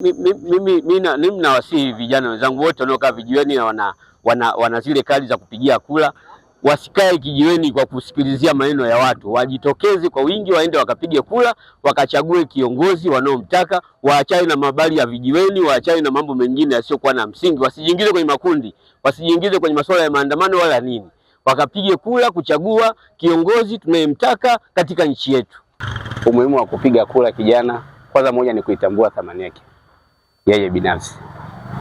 Mimi mi, nawasihi vijana wenzangu wote wanaokaa vijiweni na wana, wana, wana zile kali za kupigia kula wasikae kijiweni kwa kusikilizia maneno ya watu, wajitokeze kwa wingi, waende wakapige kula, wakachague kiongozi wanaomtaka. Waachane na mabali ya vijiweni, waachane na mambo mengine yasiyokuwa na msingi, wasijiingize kwenye makundi, wasijiingize kwenye masuala ya maandamano wala nini, wakapige kula kuchagua kiongozi tunayemtaka katika nchi yetu. Umuhimu wa kupiga kula, kijana, kwanza moja ni kuitambua thamani yake yeye binafsi,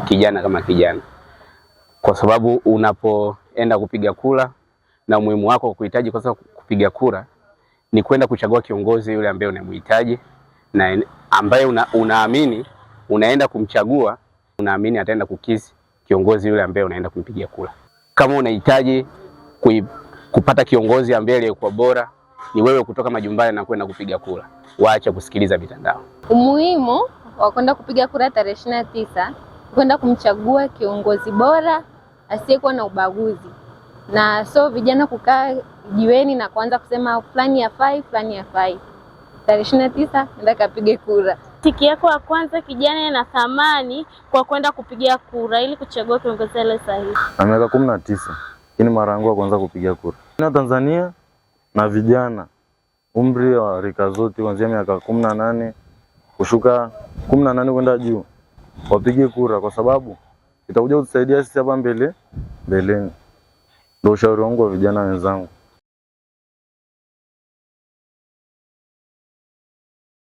kijana kama kijana, kwa sababu unapoenda kupiga kura na umuhimu wako kuhitaji kwa sababu kupiga kura ni kwenda kuchagua kiongozi yule ambaye unamhitaji na ambaye una, unaamini unaenda kumchagua, unaamini ataenda kukizi kiongozi yule ambaye unaenda kumpigia kura. Kama unahitaji kupata kiongozi ambaye aliyekuwa bora, ni wewe kutoka majumbani na kwenda kupiga kura, Waacha kusikiliza mitandao. Umuhimu wa kwenda kupiga kura tarehe ishirini na tisa kwenda kumchagua kiongozi bora asiyekuwa na ubaguzi, na so vijana kukaa jiweni na kuanza kusema fulani fai fulani fai. Tarehe ishirini na tisa nenda kapige kura. Tiki yako ya kwanza kijana ina thamani kwa kwenda kupiga kura ili kuchagua kiongozi aliye sahihi. Na miaka kumi na tisa ini mara yangu ya kwanza kupiga kura na Tanzania na vijana umri wa rika zote kuanzia miaka kumi na nane kushuka kumi na nane kwenda juu, wapige kura kwa sababu itakuja kutusaidia sisi hapa mbele mbeleni. Ndio ushauri wangu wa vijana wenzangu.